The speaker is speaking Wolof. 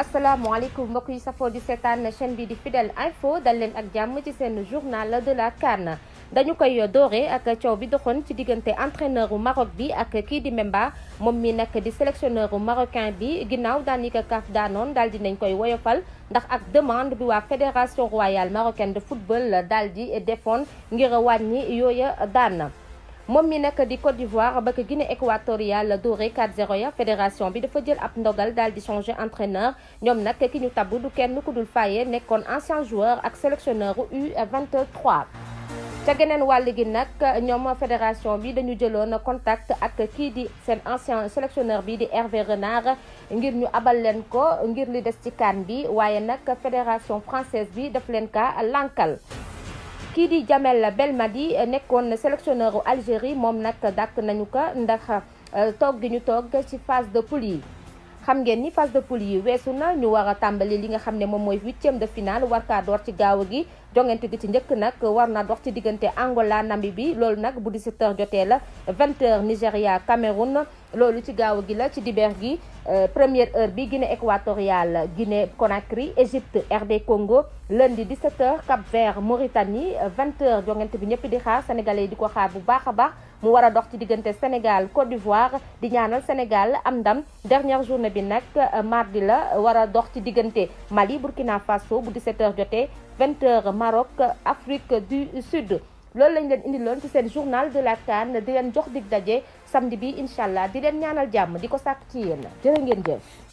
asalaamaaleykum mbokk yi safoo di seetaan chaîne bi di Fidèle Info dal leen ak jàmm ci seen journal de la CAN dañu koy dooree ak coow bi doxoon ci diggante entraîneur u Maroc bi ak kii di Memba moom mi nag di sélectionneur u marocain bi ginnaaw daan yi ko kaaf daanoon daal di nañ koy woyofal ndax ak demande bi waa fédération royale marocaine de football daal di defoon ngir wàññi yooya daan Mouminek mi di Côte d'Ivoire ba Guinée équatoriale Doré, 4-0 ya fédération bi dafa jël ab ndogal dal di changer entraîneur ñom nak ki ñu tabb du kenn ku dul fayé ancien joueur ak sélectionneur U23. ca geneen wàll gi nag ñoom fédération bi dañu jëloon contact ak kii di seen ancien sélectionneur bi di Hervé Renard ngir ñu abal leen ko ngir li des ci bi waaye nag fédération française bi daf leen ka lànkal kii di Jamel Belmadi nekkoon sélectionneur Algérie moom nag dàq nañu ko ndax euh, toog gi ñu toog ci phase de poule yi xam ngeen ni phase de poule yi weesu na ñu war a tàmbali li nga xam ne moom mooy huitième de finale war kaa ci gaaw gi jongante gi ci njëkk nag war na dox ci diggante Angola Namibie loolu nag bu di h jotee la 20h Nigéria Cameroun loolu ci gaaw gi la ci dibeer gi euh, première heure bi Guinée équatoriale Guinée Conakry Égypte RD Congo di 17h Cap Vert Mauritanie 20h jongante bi ñëpp di xaar sénégalais di ko xaar bu baax a baax mu war a dox ci diggante Sénégal Côte d'Ivoire di ñaanal Sénégal am ndam dernière journée bi nag euh, mardi la war a dox ci diggante Mali Burkina Faso bu 17h jotee. vingt heures Maroc Afrique du Sud loolu lañ leen indiloon ci seen journal de la CAN di leen jox dig daje samdi bi incha allah di leen ñaanal jàmm di ko sàkk ci yéen jërë ngeen jëf